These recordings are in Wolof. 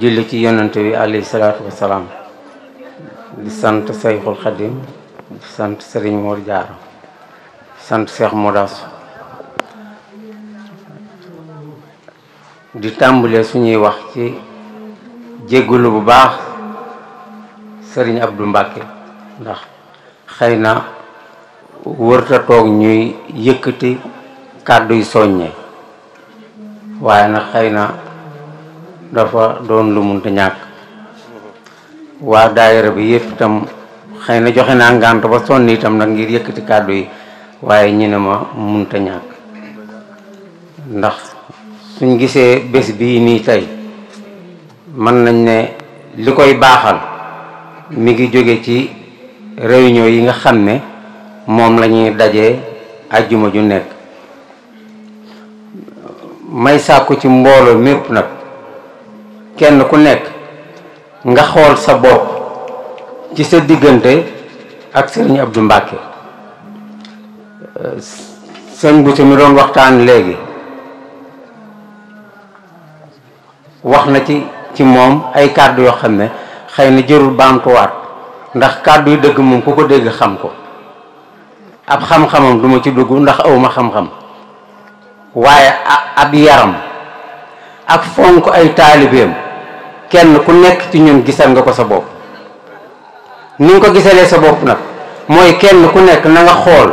julli ci yonante bi alayhi salaatu wasalaam di sant Seyxul Xadim di sant Sëriñ Mor sant Seex Modas di tàmbalee suñuy wax ci jéggulu bu baax Sëriñ Abdou Mbàkke ndax xëy na wërta toog ñuy yëkkati kàddu yu soññe waaye nag xëy na dafa doon lu munta ñàkk waa daayira bi yëpp itam xëy na joxe naa ngànt ba sonn itam nag ngir yëkkati kàddu yi waaye ñu ne ma munta ñàkk ndax suñ gisee bés bii nii tey mën nañ ne li koy baaxal mi ngi jóge ci réunion yi nga xam ne moom lañuy ñuy dajee ajjuma ju nekk may sàkku ci mbooloo mépp nag kenn ku nekk nga xool sa bopp ci sa diggante ak sëriñ Abdou Mbacke euh, sëñ bu mi doon waxtaan léegi wax na ci ci moom ay kàddu yoo xam ne xëy na jërul baamtuwaat ndax kàddu yu dëgg moom ku ko dégg xam ko ab xam-xamam duma ci dugg ndax awma xam-xam waaye ab yaram ak fonk ay taalibeem kenn ku nekk ci ñun gisal nga ko sa bopp ni nga ko gisalee sa bopp nag mooy kenn ku nekk na nga xool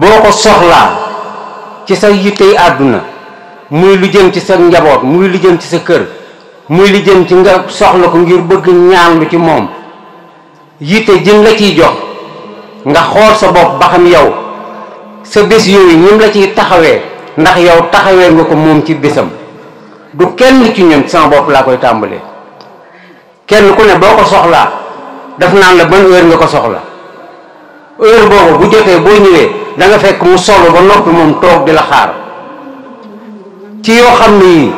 boo ko soxlaa ci sa yittey àdduna muy lu ci sa njaboot muy lu ci sa kër muy lu ci nga soxla ko ngir bëgg ñaan lu ci moom yitte jën la ciy jox nga xool sa bopp ba xam yow sa bés yooyu ñim la ciy taxawee ndax yow taxawee nga ko moom ci bisam du kenn ci ñun sama bopp laa koy tàmbalee kenn ku ne boo ko soxlaa daf naan la ban heure nga ko soxla heure boobu bu jotee boo ñëwee da fekk mu solo ba noppi moom toog di la xaar ci yoo xam ne yii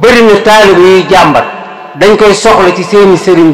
bëri na taalib yuy jàmbat dañ koy soxla ci seeni sëriñ